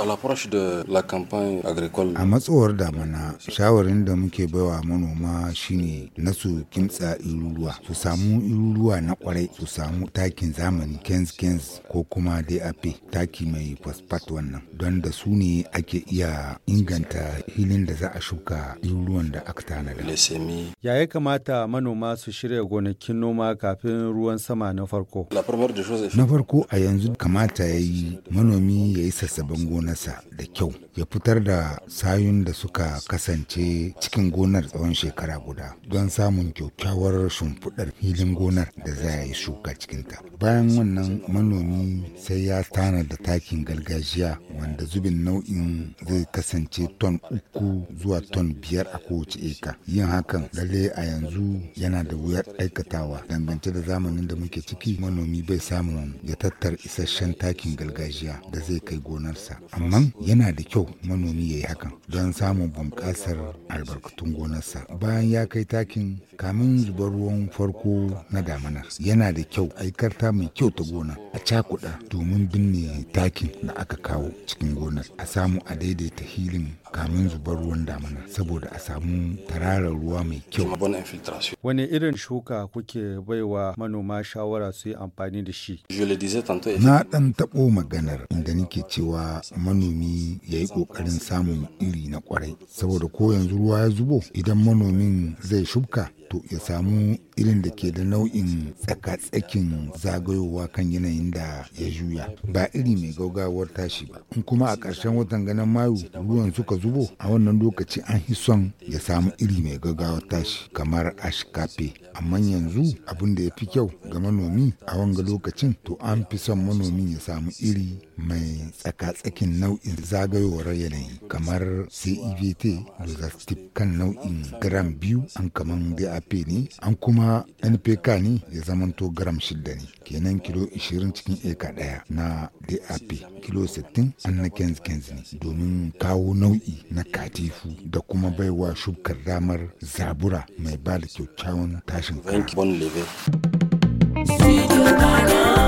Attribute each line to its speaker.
Speaker 1: A
Speaker 2: matsowar damana, shawarin da muke baiwa manoma shine na su kimtsa iruruwa, su samu iruruwa na kwarai, su samu takin zamani kens kens ko kuma DAP taki mai phosphate wannan. Don da su ne ake iya inganta hilin da za a shuka iruruwan da aka tanada.
Speaker 1: Ya yi kamata manoma su shirya gonakin noma kafin ruwan sama na farko? Na
Speaker 2: farko a yanzu kamata ya yi manomi ya yi sassaben gona gonarsa da kyau ya fitar da sayun da suka kasance cikin gonar tsawon shekara guda don samun kyakkyawar shimfiɗar filin gonar da za a yi shuka cikinta bayan wannan manomi sai ya tana da takin gargajiya wanda zubin nau'in zai kasance ton uku zuwa ton biyar a kowace eka yin hakan lalle a yanzu yana da wuyar aikatawa dangance da zamanin da muke ciki manomi bai samun ya tattar isasshen takin gargajiya da zai kai gonarsa amma yana da kyau manomi ya yi hakan don samun bunƙasar albarkatun gonarsa bayan ya kai takin kamin zubar ruwan farko na damina. yana da kyau aikarta mai kyau ta gona a cakuɗa domin binne takin da aka kawo cikin gonar a samu a daidaita hilin kamin zubar ruwan damana saboda a samu tararar ruwa mai kyau.
Speaker 1: Wani irin shuka kuke baiwa manoma shawara su yi amfani da shi? Na
Speaker 2: ɗan taɓo maganar inda nake cewa manomi ya yi ƙoƙarin samun iri na ƙwarai saboda ko yanzu ruwa ya zubo idan manomin zai shuka to ya samu irin da ke da nau'in tsakatsakin zagayowa kan yanayin da ya juya ba iri mai gaugawar tashi ba in kuma a ƙarshen watan ganin mayu ruwan suka zubo a wannan lokaci an hi son ya samu iri mai gaugawar tashi kamar ashkafe amma yanzu abin da ya fi kyau ga manomi a wanga lokacin to an fi son manomi ya samu iri mai tsakatsakin nau'in zagayowar yanayi kamar cevt da kan nau'in gram biyu an kaman da ap ne an kuma npk ne ya zamanto gram shida ne kenan kilo 20 cikin eka daya na dap kilo 60 an na kenz kenz ne domin kawo nau'i na katifu da kuma baiwa shukar damar zabura mai ba da kyakkyawan tashin
Speaker 1: kara.